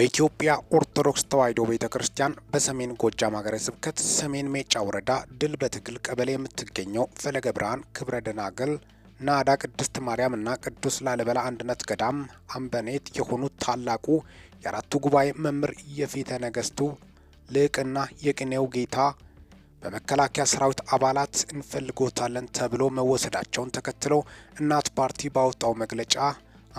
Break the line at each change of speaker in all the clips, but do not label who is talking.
በኢትዮጵያ ኦርቶዶክስ ተዋሕዶ ቤተ ክርስቲያን በሰሜን ጎጃም ሀገረ ስብከት ሰሜን ሜጫ ወረዳ ድል በትግል ቀበሌ የምትገኘው ፈለገ ብርሃን ክብረ ደናግል ናዳ ቅድስት ማርያም እና ቅዱስ ላሊበላ አንድነት ገዳም አምበኔት የሆኑት ታላቁ የአራቱ ጉባኤ መምህር የፊተ ነገስቱ ልዕቅና የቅኔው ጌታ በመከላከያ ሰራዊት አባላት እንፈልጎታለን ተብሎ መወሰዳቸውን ተከትሎ እናት ፓርቲ ባወጣው መግለጫ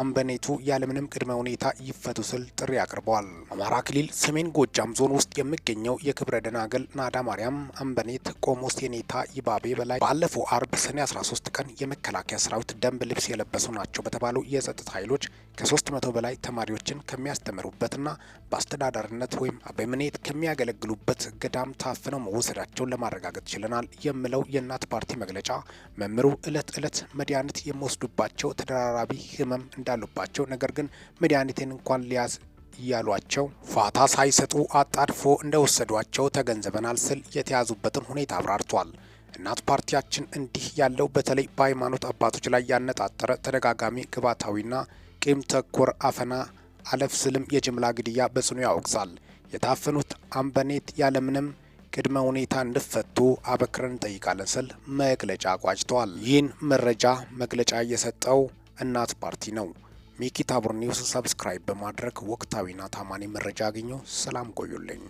አምበኔቱ ያለምንም ቅድመ ሁኔታ ይፈቱ ስል ጥሪ አቅርበዋል። አማራ ክልል ሰሜን ጎጃም ዞን ውስጥ የሚገኘው የክብረ ደናገል ናዳ ማርያም አምበኔት ቆሞስ የኔታ ይባቤ በላይ ባለፈው አርብ ሰኔ 13 ቀን የመከላከያ ሰራዊት ደንብ ልብስ የለበሱ ናቸው በተባሉ የጸጥታ ኃይሎች ከ300 በላይ ተማሪዎችን ከሚያስተምሩበትና በአስተዳዳሪነት ወይም አበምኔት ከሚያገለግሉበት ገዳም ታፍነው መወሰዳቸውን ለማረጋገጥ ችለናል የሚለው የእናት ፓርቲ መግለጫ መምሩ ዕለት ዕለት መድኃኒት የሚወስዱባቸው ተደራራቢ ህመም እንዳሉባቸው ነገር ግን መድኃኒቴን እንኳን ሊያዝ እያሏቸው ፋታ ሳይሰጡ አጣድፎ እንደወሰዷቸው ተገንዘበናል ስል የተያዙበትን ሁኔታ አብራርቷል። እናት ፓርቲያችን እንዲህ ያለው በተለይ በሃይማኖት አባቶች ላይ ያነጣጠረ ተደጋጋሚ ግብዓታዊና ቂም ተኮር አፈና አለፍ ስልም የጅምላ ግድያ በጽኑ ያወግዛል። የታፈኑት አምበኔት ያለምንም ቅድመ ሁኔታ እንዲፈቱ አበክረን እንጠይቃለን ስል መግለጫ ቋጭተዋል። ይህን መረጃ መግለጫ እየሰጠው እናት ፓርቲ ነው። ሚኪ ታቡር ኒውስ ሰብስክራይብ በማድረግ ወቅታዊና ታማኒ መረጃ አግኙ። ሰላም ቆዩልኝ።